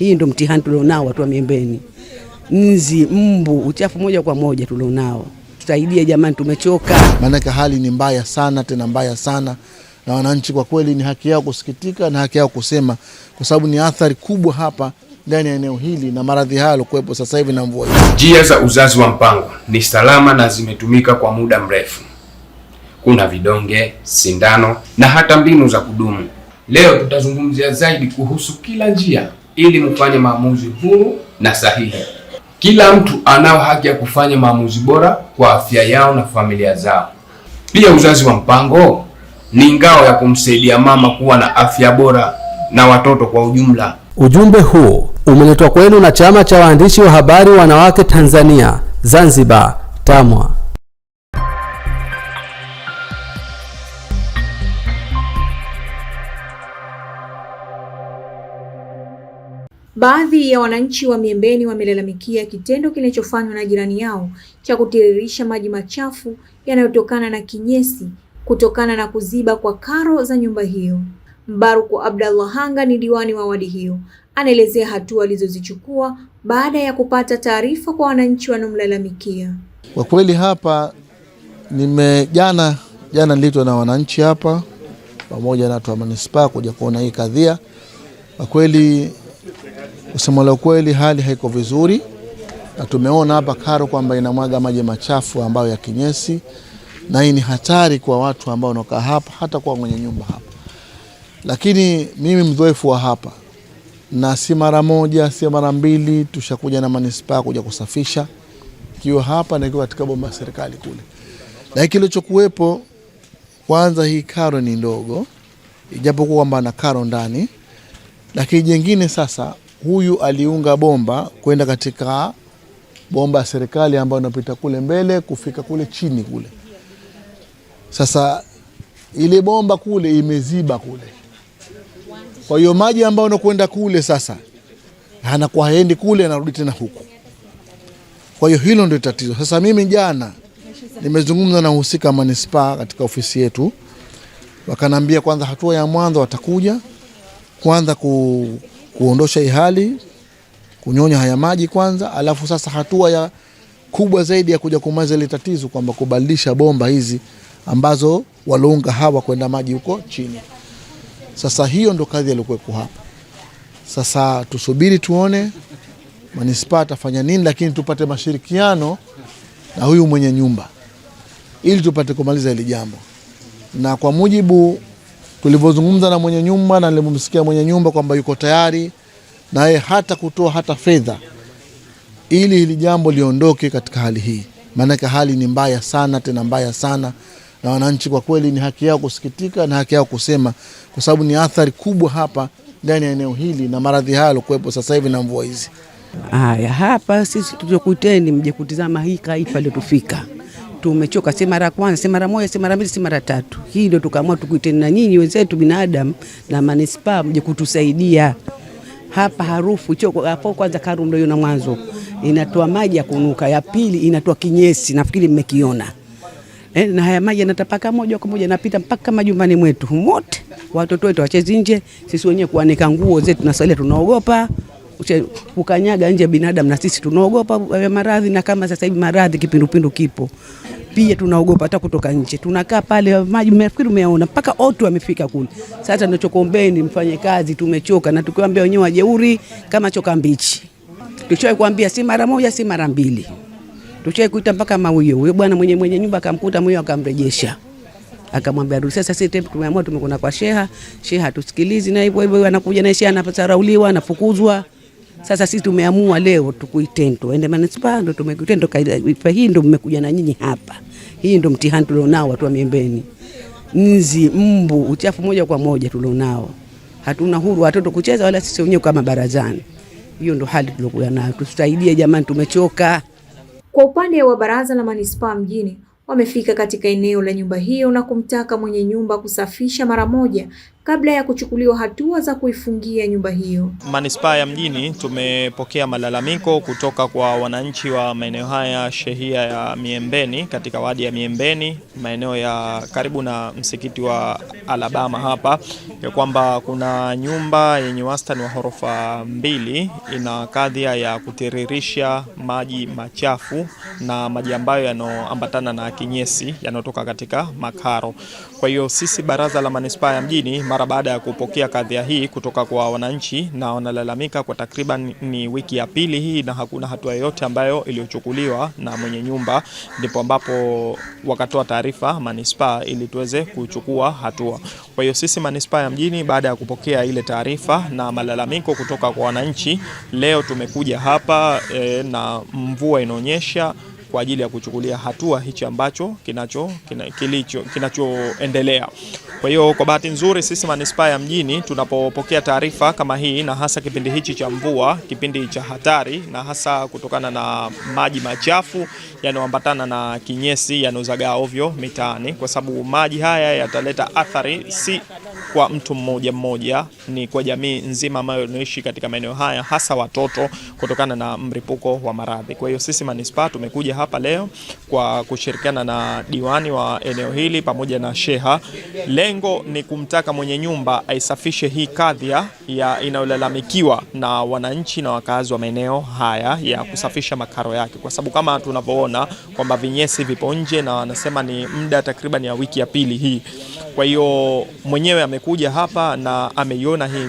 Hii ndo mtihani tulionao watu wa Miembeni, nzi, mbu, uchafu moja kwa moja tulionao. Tusaidie jamani, tumechoka, maanake hali ni mbaya sana, tena mbaya sana, na wananchi kwa kweli ni haki yao kusikitika na haki yao kusema, kwa sababu ni athari kubwa hapa ndani ya eneo hili na maradhi hayo yaliokuwepo sasa hivi na mvua. hii. Njia za uzazi wa mpango ni salama na zimetumika kwa muda mrefu. Kuna vidonge, sindano na hata mbinu za kudumu. Leo tutazungumzia zaidi kuhusu kila njia ili mfanye maamuzi huru na sahihi. Kila mtu anao haki ya kufanya maamuzi bora kwa afya yao na familia zao. Pia uzazi wa mpango ni ngao ya kumsaidia mama kuwa na afya bora na watoto kwa ujumla. Ujumbe huu umeletwa kwenu na Chama cha Waandishi wa Habari Wanawake Tanzania Zanzibar, TAMWA. Baadhi ya wananchi wa Miembeni wamelalamikia kitendo kinachofanywa na jirani yao cha kutiririsha maji machafu yanayotokana na kinyesi kutokana na kuziba kwa karo za nyumba hiyo. Mbaruku Abdallah Hanga ni diwani wa wadi hiyo, anaelezea hatua alizozichukua baada ya kupata taarifa kwa wananchi wanaomlalamikia. Kwa kweli hapa nimejana jana jana nilitwa na wananchi hapa pamoja na watu wa manispaa kuja kuona hii kadhia. Kwa kweli Kusema la kweli, hali haiko vizuri, na tumeona hapa karo kwamba inamwaga maji machafu ambayo ya kinyesi, na hii ni hatari kwa watu ambao wanakaa hapa, hata kwa mwenye nyumba hapa. Lakini mimi mzoefu wa hapa, na si mara moja, si mara mbili, tushakuja na manispaa kuja kusafisha, ikiwa hapa na ikiwa katika bomba serikali kule, na kilichokuwepo kwanza, hii karo ni ndogo, ijapokuwa kwamba na karo ndani, lakini jengine sasa huyu aliunga bomba kwenda katika bomba ya serikali ambayo inapita kule mbele kufika kule chini kule. Sasa ile bomba kule imeziba kule, kwa hiyo maji ambayo anakwenda kule sasa anakuwa haendi kule, anarudi tena huku. Kwa hiyo hilo ndio tatizo. Sasa mimi jana nimezungumza na uhusika manispaa katika ofisi yetu, wakanambia kwanza hatua ya mwanzo watakuja kwanza ku kuondosha hii hali, kunyonya haya maji kwanza, alafu sasa hatua ya kubwa zaidi ya kuja kumaliza ile tatizo kwamba kubadilisha bomba hizi ambazo walounga hawa kwenda maji huko chini. Sasa hiyo ndo kazi yaliokuwepo hapa. Sasa tusubiri tuone manispaa atafanya nini, lakini tupate mashirikiano na huyu mwenye nyumba ili tupate kumaliza hili jambo, na kwa mujibu Tulivyozungumza na mwenye nyumba na nilivyomsikia mwenye nyumba kwamba yuko tayari naye hata kutoa hata fedha ili hili jambo liondoke katika hali hii, maanake hali ni mbaya sana, tena mbaya sana, na wananchi kwa kweli ni haki yao kusikitika na haki yao kusema, kwa sababu ni athari kubwa hapa ndani ya eneo hili na maradhi haya yaliokuwepo sasa hivi na mvua hizi. Haya, hapa sisi tuliyokuteni mje kutizama hii kaifa iliyotufika tu umechoka, si mara kwanza, si mara moja, si mara mbili, si mara tatu. Hii ndio tukaamua tukuiteni na nyinyi wenzetu binadamu na manispaa mje kutusaidia hapa. Harufu choko hapo kwanza, karum ndio na mwanzo inatoa maji ya kunuka, ya pili inatoa kinyesi, nafikiri mmekiona eh, na haya maji yanatapaka moja kwa moja napita mpaka majumbani mwetu wote, watoto wetu wacheze nje, sisi wenyewe kuanika nguo zetu na sasa tunaogopa ukanyaga nje binadamu, na sisi tunaogopa eh, maradhi, na kama sasa hivi maradhi kipindupindu kipo pia tunaogopa hata kutoka nje, tunakaa pale maji. Mnafikiri umeona mpaka oto wamefika kule. Sasa nachokuombeni mfanye kazi, tumechoka na tukiwaambia wenyewe wajeuri kama choka mbichi. Tuchoe kuambia si mara moja, si mara mbili, tuchoe kuita mpaka mawio. Huyo bwana mwenye mwenye nyumba akamkuta mwio, akamrejesha akamwambia rudi. Sasa sisi tumeamua, tumekuna kwa sheha, sheha tusikilizi, na hivyo hivyo anakuja na sheha anasarauliwa, anafukuzwa. Sasa sisi tumeamua leo tukuitendo ende manispaa, ndo tumekuitendo kaifa hii, ndo mmekuja na nyinyi hapa hii ndo mtihani tulionao watu wa Miembeni, nzi, mbu, uchafu moja kwa moja tulionao. Hatuna huru watoto kucheza wala sisi wenyewe kama barazani. Hiyo ndo hali tuliokuwa nayo, tusaidie jamani, tumechoka. Kwa upande wa baraza la manispaa mjini wamefika katika eneo la nyumba hiyo na kumtaka mwenye nyumba kusafisha mara moja kabla ya kuchukuliwa hatua za kuifungia nyumba hiyo. Manispaa ya Mjini tumepokea malalamiko kutoka kwa wananchi wa maeneo haya shehia ya Miembeni katika wadi ya Miembeni, maeneo ya karibu na msikiti wa Alabama hapa, ya kwamba kuna nyumba yenye wastani wa ghorofa mbili ina kadhia ya kutiririsha maji machafu na maji ambayo yanaoambatana na kinyesi yanayotoka katika makaro. Kwa hiyo sisi baraza la manispaa ya Mjini mara baada ya kupokea kadhia hii kutoka kwa wananchi, na wanalalamika kwa takriban ni wiki ya pili hii, na hakuna hatua yoyote ambayo iliyochukuliwa na mwenye nyumba, ndipo ambapo wakatoa taarifa manispaa ili tuweze kuchukua hatua. Kwa hiyo sisi manispaa ya mjini, baada ya kupokea ile taarifa na malalamiko kutoka kwa wananchi, leo tumekuja hapa e, na mvua inaonyesha kwa ajili ya kuchukulia hatua hichi ambacho kinacho kinachoendelea kinacho kwa hiyo kwa bahati nzuri sisi manispaa ya mjini tunapopokea taarifa kama hii, na hasa kipindi hichi cha mvua, kipindi cha hatari, na hasa kutokana na maji machafu yanayoambatana na kinyesi yanayozagaa ovyo mitaani, kwa sababu maji haya yataleta athari si kwa mtu mmoja mmoja, ni kwa jamii nzima ambayo inaishi katika maeneo haya, hasa watoto, kutokana na mripuko wa maradhi. Kwa hiyo sisi manispaa tumekuja hapa leo kwa kushirikiana na diwani wa eneo hili pamoja na sheha Leng lengo ni kumtaka mwenye nyumba aisafishe hii kadhia ya inayolalamikiwa na wananchi na wakazi wa maeneo haya ya kusafisha makaro yake, kwa sababu kama tunavyoona kwamba vinyesi vipo nje na wanasema ni muda takriban ya wiki ya pili hii. Kwa hiyo mwenyewe amekuja hapa na ameiona hii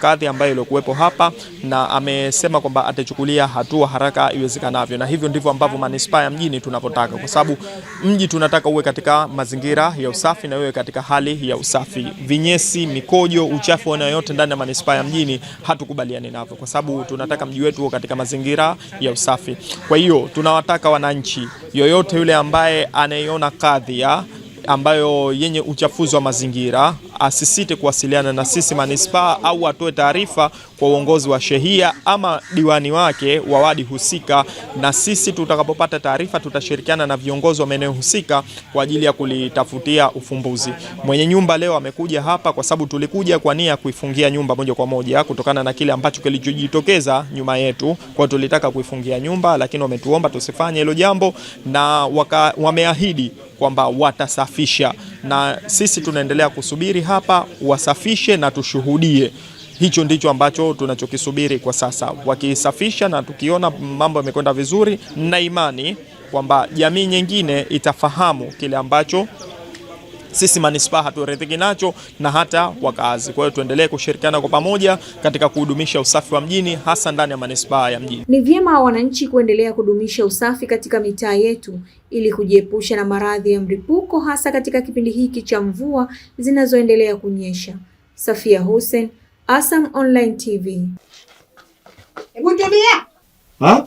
kadhi ambayo ilikuwepo hapa na amesema kwamba atachukulia hatua haraka iwezekanavyo, na hivyo ndivyo ambavyo manispaa ya mjini tunavyotaka, kwa sababu mji tunataka uwe katika mazingira ya usafi na uwe katika hali ya usafi. Vinyesi, mikojo, uchafu wa yote ndani ya manispaa ya mjini hatukubaliani navyo, kwa sababu tunataka mji wetu katika mazingira ya usafi. Kwa hiyo tunawataka wananchi, yoyote yule ambaye anaiona kadhi ya ambayo yenye uchafuzi wa mazingira asisite kuwasiliana na sisi manispaa au atoe taarifa kwa uongozi wa shehia ama diwani wake wa wadi husika, na sisi tutakapopata taarifa tutashirikiana na viongozi wa maeneo husika kwa ajili ya kulitafutia ufumbuzi. Mwenye nyumba leo amekuja hapa kwa sababu tulikuja kwa nia kuifungia nyumba moja kwa moja kutokana na kile ambacho kilichojitokeza nyuma yetu, kwa tulitaka kuifungia nyumba, lakini wametuomba tusifanye hilo jambo na waka, wameahidi kwamba watasafisha na sisi tunaendelea kusubiri hapa wasafishe na tushuhudie. Hicho ndicho ambacho tunachokisubiri kwa sasa. Wakisafisha na tukiona mambo yamekwenda vizuri, na imani kwamba jamii nyingine itafahamu kile ambacho sisi manispaa haturidhiki nacho na hata wakazi. Kwa hiyo tuendelee kushirikiana kwa pamoja katika kuhudumisha usafi wa mjini hasa ndani ya manispaa ya mjini. Ni vyema wananchi kuendelea kudumisha usafi katika mitaa yetu ili kujiepusha na maradhi ya mlipuko hasa katika kipindi hiki cha mvua zinazoendelea kunyesha. Safia Hussein, Asam Online TV. Ha?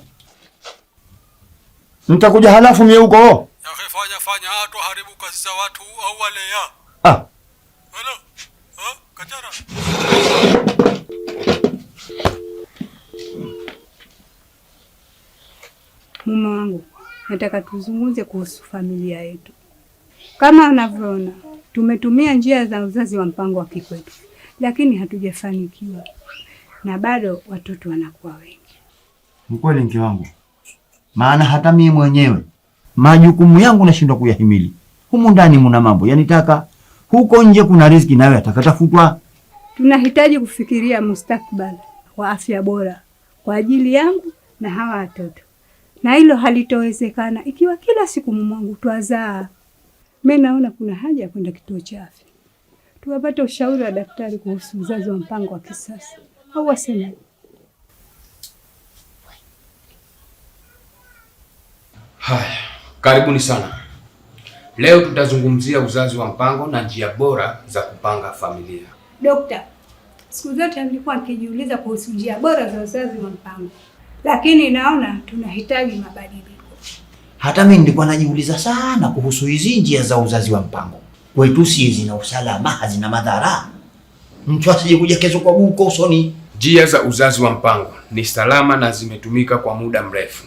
Mtakuja halafu mie huko. Nafanya fanya hatu haribu kazi za watu au wale ya. Ah. Hello. Ha? Kajara. Mume wangu, nataka tuzungumze kuhusu familia yetu. Kama unavyoona, tumetumia njia za uzazi wa mpango wa kikwetu, lakini hatujafanikiwa na bado watoto wanakuwa wengi. Mkweli mke wangu, maana hata mimi mwenyewe majukumu yangu nashindwa kuyahimili. Humu ndani muna mambo yanitaka, huko nje kuna riziki nayo yatakatafutwa Tunahitaji kufikiria mustakbali wa afya bora kwa ajili yangu na hawa watoto, na hilo halitowezekana ikiwa kila siku mumwangu twazaa. Mimi naona kuna haja ya kwenda kituo cha afya tuwapate ushauri wa daktari kuhusu uzazi wa mpango wa kisasa, au waseme Haya. Karibuni sana. Leo tutazungumzia uzazi wa mpango na njia bora za kupanga familia. Dokta, siku zote nilikuwa nikijiuliza kuhusu njia bora za uzazi wa mpango, lakini naona tunahitaji mabadiliko. Hata mimi nilikuwa najiuliza sana kuhusu hizi njia za uzazi wa mpango, kwetu si zina usalama, hazina madhara, mtu asije kuja kesho kwa guko usoni. Njia za uzazi wa mpango ni salama na zimetumika kwa muda mrefu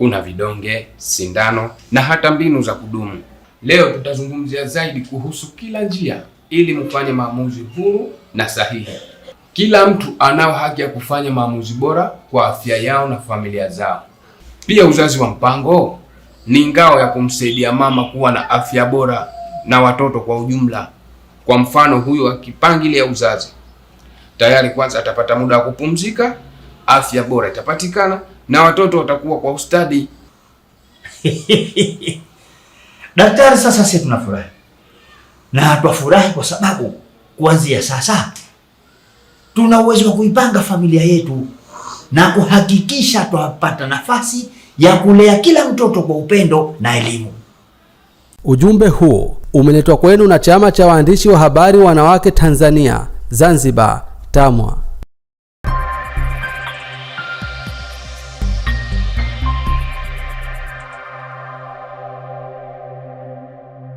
kuna vidonge, sindano na hata mbinu za kudumu. Leo tutazungumzia zaidi kuhusu kila njia ili mfanye maamuzi huru na sahihi. Kila mtu anao haki ya kufanya maamuzi bora kwa afya yao na familia zao. Pia uzazi wa mpango ni ngao ya kumsaidia mama kuwa na afya bora na watoto kwa ujumla. Kwa mfano, huyu akipangilia uzazi tayari, kwanza atapata muda wa kupumzika, afya bora itapatikana na watoto watakuwa kwa ustadi. Daktari, sasa sisi tunafurahi na twafurahi kwa sababu kuanzia sasa tuna uwezo wa kuipanga familia yetu na kuhakikisha twapata nafasi ya kulea kila mtoto kwa upendo na elimu. Ujumbe huu umeletwa kwenu na Chama cha Waandishi wa Habari Wanawake Tanzania Zanzibar, TAMWA.